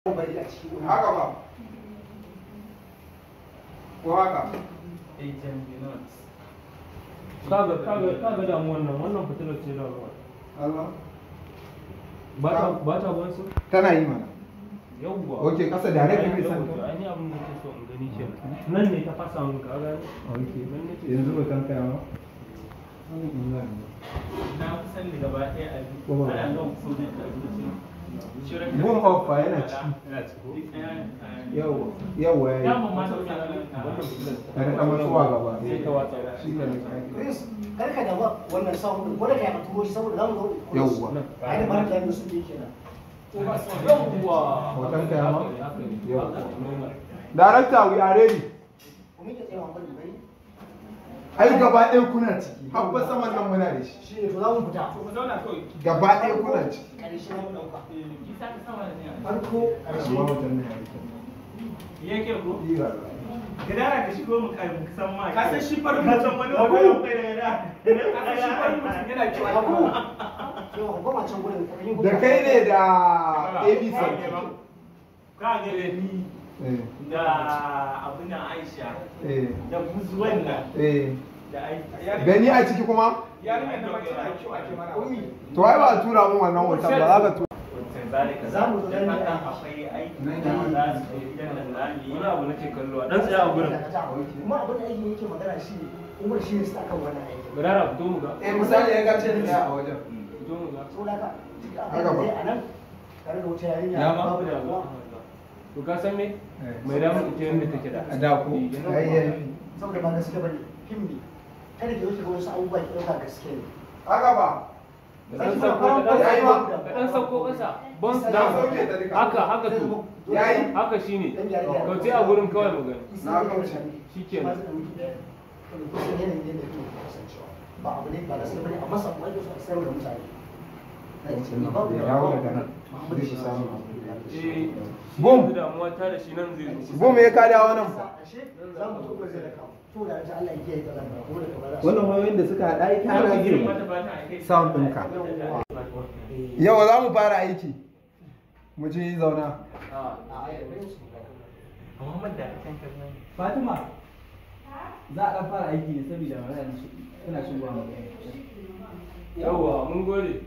haka ba ko haka kaga wannan wannan fitilar ce da ruwa ba ta ba tana yi mana yawwa okay kasa da rake ne san ka ani abin da ke so in gani ke nan ne ta fasa mun ka gani okay yanzu ba kan kaya na kusan gaba ɗaya a ana da gun hoffa yana ciki yawa ya yi kama tuwa gaba shi karka da wannan sahun gwada ka yi shi saboda zamu zo yawa a da ba ta yi musu ne kenan hoton ka yawa darakta we are ready ai gaba ɗaya kuna ciki habba saman nan muna da shi shi ne to za mu fita to mu zauna kai gaba ɗaya kuna ciki karshe mu ɗauka eh. ki ka sama da ne farko karshe mu dauka ne yake ko gidara ka shigo mu kai mu san ma ka san shi farko ka mutum wani ya kai da gida ka san shi farko mutum ci cewa ko ko ma can gurin da kai ne da abc ka ga ni eh. da abin Aisha eh. da buzuwan nan gani a ciki kuma to ai ba a tura mun wannan hoton ba za ka tura za mu zo akwai aiki da za yi gidan nan nami wani abu nake kallo a dan tsaya a gurin kuma abin da aiki yake magana shi umar shi ne su akan wannan aiki gudara fito mu eh, misali ya gace ni a wajen mm, fito mu ga so laka haka ba anan tare da wata da to da da ko eh, kada ka wuce wasu abubuwa da ɗauka gaske ne haka ba dan sauko dan sauko kasa bon dan haka haka to yayi haka shine kauce a gurin kawai mu gani na kauce shikenan ba abu ne ba da sabani amma sabani da sabani da mutane ya wuce nan da shi samu bum bum ya ka dawo nan wannan wayoyin da suka haɗa ita ana girma sound ɗinka yawa za mu fara aiki mu je zauna ah, fatima za a ɗan fara aiki ne saboda wani tana shigowa magana yawa mun gode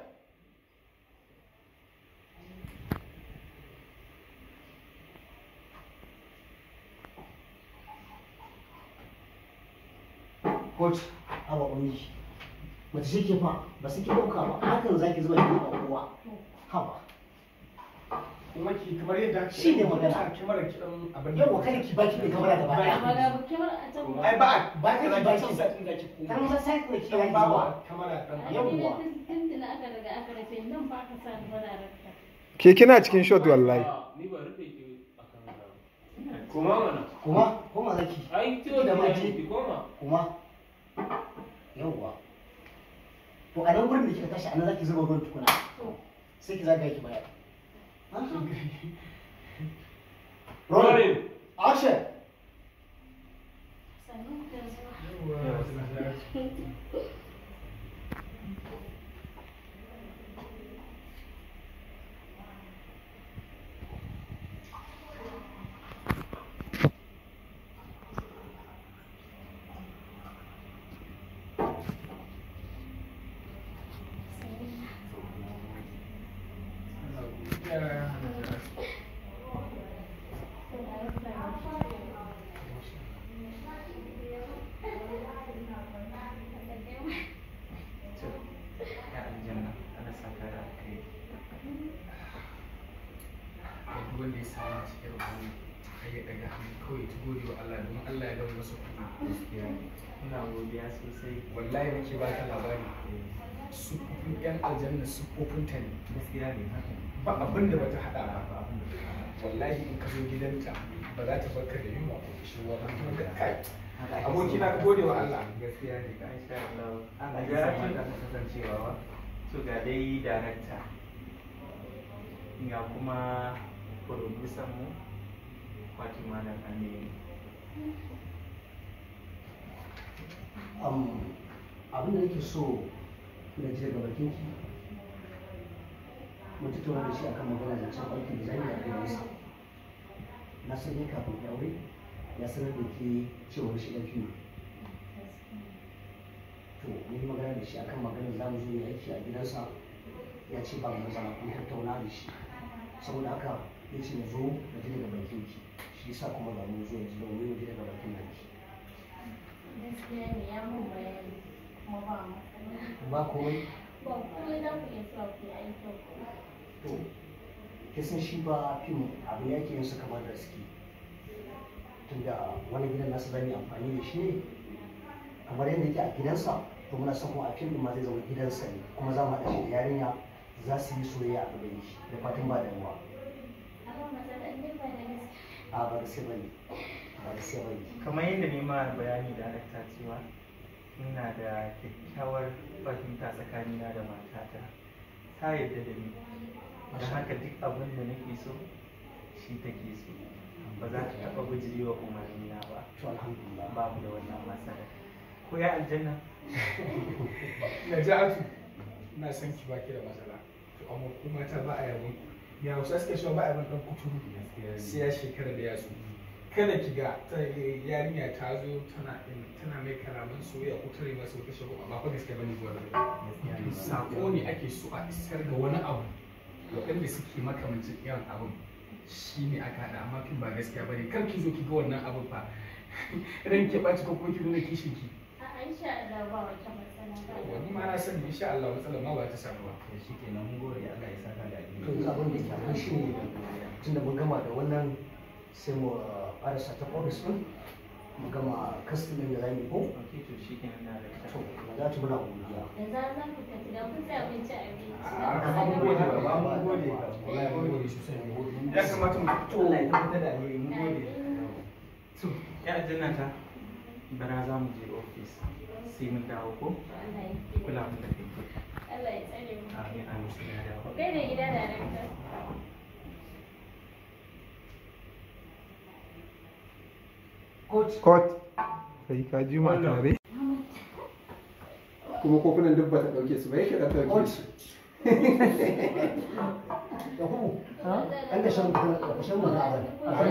kot a babban yi mace shi ke fa ba su ke ɗauka ba hakan za ki zuwa ki ba kowa hawa kuma ki kamar yadda ake shi ne magana kamar ki dan abin yawa kada ki baki da kamar da baya ai ba ba ka ki baki satin da ki kuma kan ba sai ku ki ba ba kamar dan yawa tunda aka daga aka rufe nan ba ka sa bararka ke kina cikin shot wallahi ni ba rufe ki akan kuma mana kuma kuma zaki ai to da maji kuma kuma yawwa to a nan gurin da kika tashi a nan zaki zuba ruwan tukuna sai ki zagaye ki bayar abin ya samu a cikin rubutu kai ya hannu kawai ta gode wa Allah domin Allah ya gama masa kuma gaskiya ina godiya sosai wallahi nake ba ta labari sufofin yan aljanna sufofin ta ne gaskiya ne ba abin da bata hada ba wallahi in ka zo gidanta ba za ta barka da yunwa ko kishiwa ba kuma da kai aboki na gode wa Allah gaskiya ne ka insha Allah Allah ya sa ka kasancewa to ga dai darakta ga kuma producer mu Fatima da Kande um, abin da nake so na je ga bakin ki mu tattauna da shi akan magana da cewa ki da zai yi a na san ne kafin ki aure ya sanar da ke cewa shi ɗan fiye to mun yi magana da shi akan magana za mu zo ya aiki a gidansa ya ce ba mu zama, kun tattauna da shi saboda haka ya ce na shi sa kuma ga mun zo yanzu da wani daga bakin nan ki ba mu to kisan shi ba fim abu ya ke yin su kamar da suke tunda wani gidan nasu zan yi amfani da shi ne kamar yadda yake a gidansa to muna son a fim ma zai zama gidansa ne kuma za mu haɗa shi da yarinya za su yi soyayya a gaban da fatan ba ruwa. a bar su bane bar su kamar yadda ne ma bayani da ta cewa ina da kyakkyawar fahimta tsakanina da matata ta yarda da ni da haka duk abin da nake so shi take so ba za ta taɓa bijiri wa umarnina ba babu da wannan matsala ko ya aljanna na atu. Ina son ki baki da matsala to amma kuma ta ba a yabon ya wasu suka shi ba abin dan kuturu sai ya shekara da yasu kada ki ga yarinya ta zo tana tana mai kalaman soyayya ko tare masa wata shi ba fa gaskiya bane zuwa sako ne ake so a isar ga wani abu waɗanda suke makamancin irin abin shi ne aka haɗa amma kin ba gaskiya bane kar ki zo ki ga wannan abin fa ranke ba ki ko ki nuna kishin ki insha Allah ba wata matsala ni ma na san insha Allah matsala ma ba ta samu ba to shikenan mun gode Allah ya saka da ni to abin da ke an shi ne tunda mun gama da wannan sai mu karasa uh, ta office din mu gama kastimin da za zamu ko okay to shikenan na da to ba za ta muna godiya yanzu za ku tafi da ku sai abinci abinci a mun gode ba mun gode wallahi mun gode sosai mun gode ya kamata mu to Allah ya tabbata da alheri mun gode to ya aljanna bara za mu je ofis sai mun dawo ko kula mun da kai amin amin sai na dawo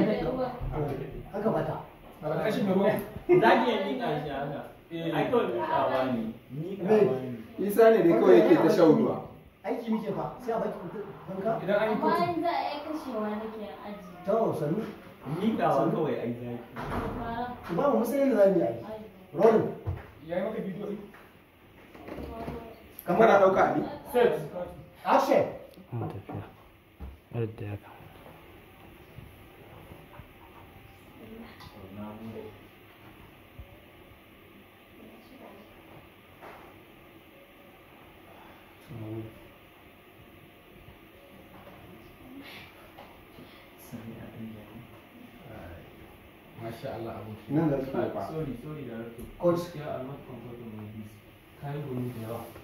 kai da Karkashin ruwan. Zaki ya miƙa shi haka. Eh. Ai kawai ne. Miƙawa ne. ne kawai yake ta shauduwa. Aiki muke fa sai a baki kuka. Idan an yi kuka. za a yi nake aji. sanu. kawai ai Ba mu sai yadda za mu yi Ya yi maka bidiyo Kamar a ɗauka ne Set. Action. Mu tafiya. Yadda ya kama. Masha Allah abu. Nan da suna ba. Sorry, sorry da Coach.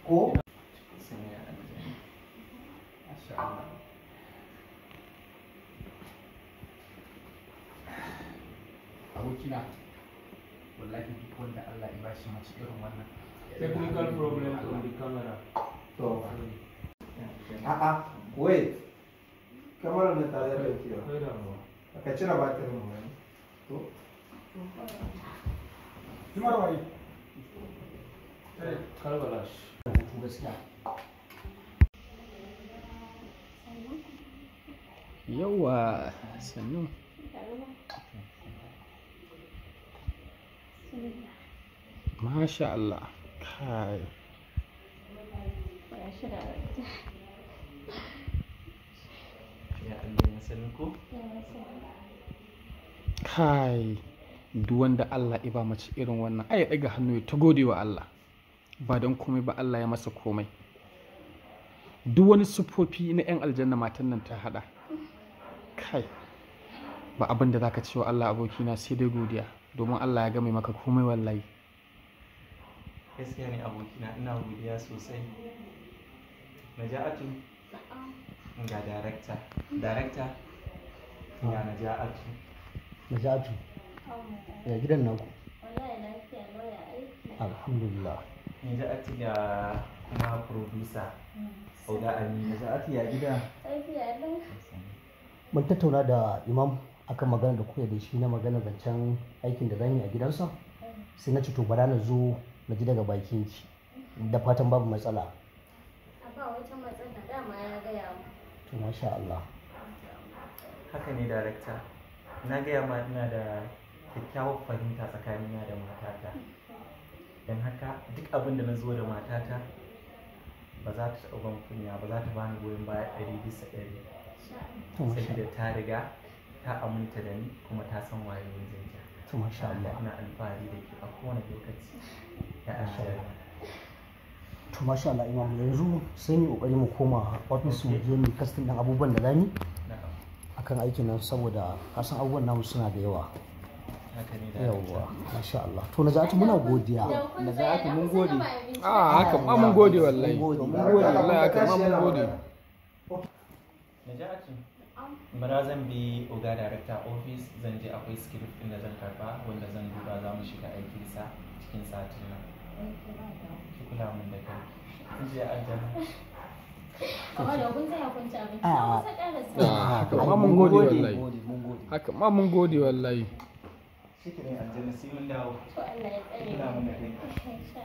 Ko? Masha Allah. kila wallahi duk wanda Allah ya bashi mace irin wannan technical problem on the camera to a a'a wait ki ba sai da kiyo ka cire batirin mu ne to kimar wai kalbalash eh, hutu gaskiya yauwa sannu Masha Allah. Kai. Kai. wanda Allah ya ba mace irin wannan ai ya ɗaga hannu ya ta gode wa Allah. Ba don komai ba Allah ya masa komai. Duk wani sufofi na 'yan aljanna matan nan ta haɗa. Kai. Ba abin da za ce wa Allah abokina sai dai godiya. domin Allah ya gami maka komai wallahi gaskiya ne abokina ina godiya sosai naja'atu ga darakta darakta ga naja'atu naja'atu ya gidan alhamdulillah naja'atu ga kuma producer sauda mm. amina naja'atu ya gida mun tattauna da imam akan magana da koya da shi na magana zancen aikin da zan yi a gidansa sai na ce to bara na zo na ji daga bakin ki da fatan babu matsala ba wata matsala ya haka ne darakta na gaya ma ina da kyakkyawar fahimta tsakanina da matata don haka duk abin da na zo da matata ba za ta taɓa ban kunya ba za ta bani goyon baya ɗari bisa ɗari saboda ta riga ta aminta da ni kuma ta san waye mijinta to masha Allah ina alfahari da ke a kowane lokaci ya ashara to masha Allah imam yanzu sai ni kokari mu koma office mu je mu kasta dan abubuwan da zani akan aikin nan saboda kasan abubuwan namu suna da yawa yawwa masha Allah to na a ah, haka ma mun bara zan bi oga director office zan je akwai script din da zan karba wanda zan duba za mu shiga aiki sa cikin satin nan ki kula mun da kai kun je aljanna amma mun gode wallahi haka ma mun gode wallahi Shikirin aljanna sai mun dawo to Allah ya tsare mu